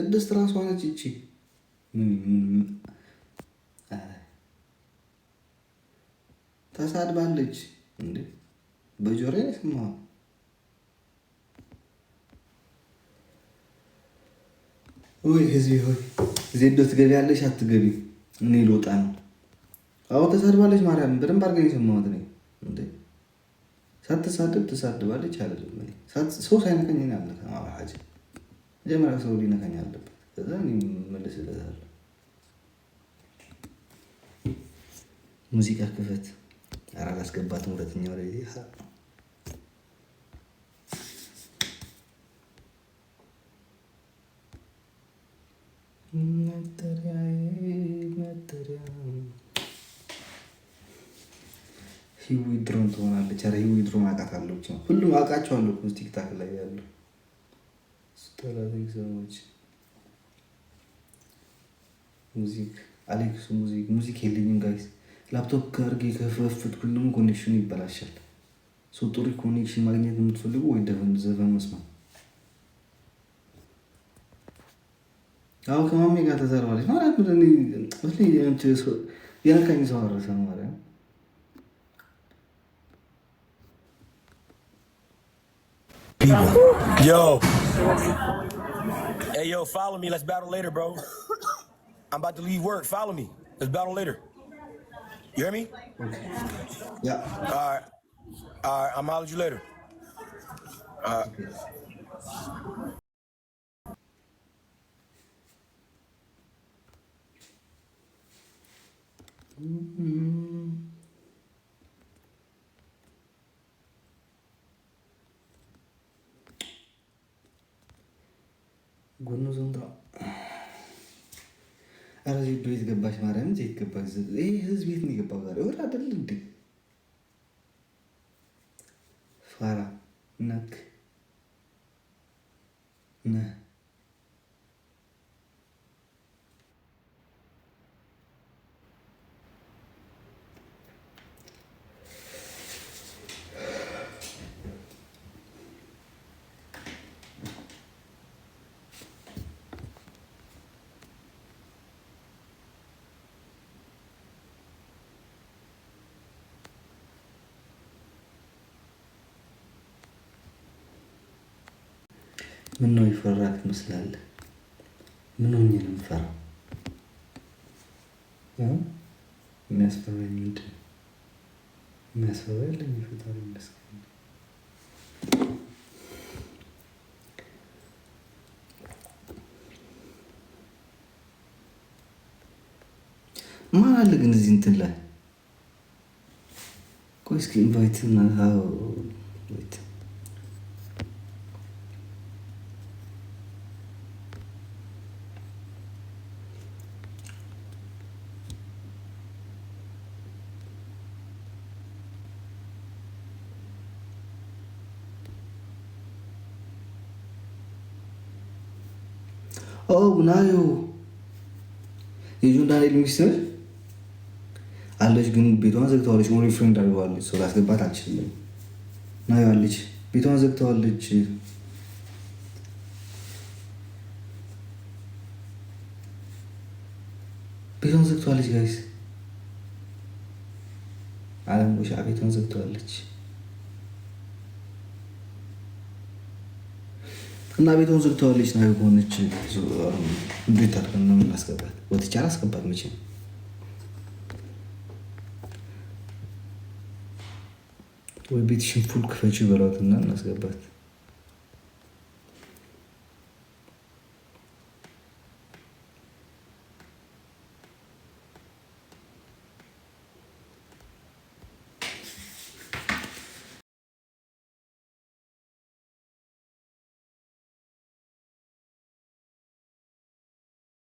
ቅድስት ራሷ ነች ይቺ። ተሳድባለች እንዴ! በጆሮ ስማ ወይ ህዝቢ ሆይ ዜዶ ትገቢያለሽ? አትገቢ። እኔ ልወጣ ነው። አዎ ተሳድባለች። ማርያም በደንብ አድርገን የሰማሁት ነ ሳትሳድብ ትሳድባለች አይደለም። ሰው ሳይነቀኝ አልነካም። መጀመሪያ ሰው ሊነካኝ አለበት። ከዛ መልስለታለሁ። ሙዚቃ ክፈት። ኧረ አላስገባትም። ሁለተኛ ወደ መጠሪያ መጠሪያ ሂዊ ድሮን ትሆናለች። ኧረ ሂዊ ድሮን አውቃታለሁ። ሁሉም አውቃቸዋለሁ። ቲክታክ ላይ ያለው Voilà, examoች ሙዚክ አሌክሱ ሙዚክ ሙዚክ የለኝም ጋይስ። ላፕቶፕ ከአርጌ ከፈፍትኩኝ ደግሞ ኮኔክሽኑ ይበላሻል። ሶ ጥሩ ኮኔክሽን ማግኘት የምትፈልጉ ወይ ደፈን ዘፈን መስማት አሁን ከማሜ ጋር ተዘርባለች ማለት የነካኝ ሰው አረሰ ማለት people. Yo. Hey, yo, follow me. Let's battle later, bro. I'm about to leave work. Follow me. Let's battle later. You hear me? Yeah. All right. All right. I'm holler of you later. All right. Mm-hmm. ጎኑ ዘንጣ አረ ዜዶ የት ገባች? ማርያምን ዜት ገባች? ይሄ ህዝብ ቤት ነው የገባው ዛሬ? ወደ አይደል እንዴ ፋራ ነክ ነህ ምን ነው የፈራ ትመስላለህ? ምን ሆኜ ነው የምፈራው? የሚያስፈራኝ ምንድን ነው? የሚያስፈራ የለም። ፈጣሪ ይመስገን። ማን አለ ግን እዚህ እንትን ላይ? ቆይ እስኪ ኢንቫይት ናዮ የጆን ዳንኤል ሚስት ነች አለች፣ ግን ቤቷን ዘግተዋለች። ሞሪ ፍሬንድ አድርገዋለች። ሰው ላስገባት አልችልም። ናዮ አለች፣ ቤቷን ዘግተዋለች። ቤቷን ዘግተዋለች። ጋይስ አለንጎሻ ቤቷን ዘግተዋለች። እና ቤቱን ዝግተዋለች ና ከሆነች እንዴት ታድርገን ነው የምናስገባት? ወጥቼ አላስገባት መቼ ወይ ቤትሽን ፉል ክፈቺ በሏትና እናስገባት።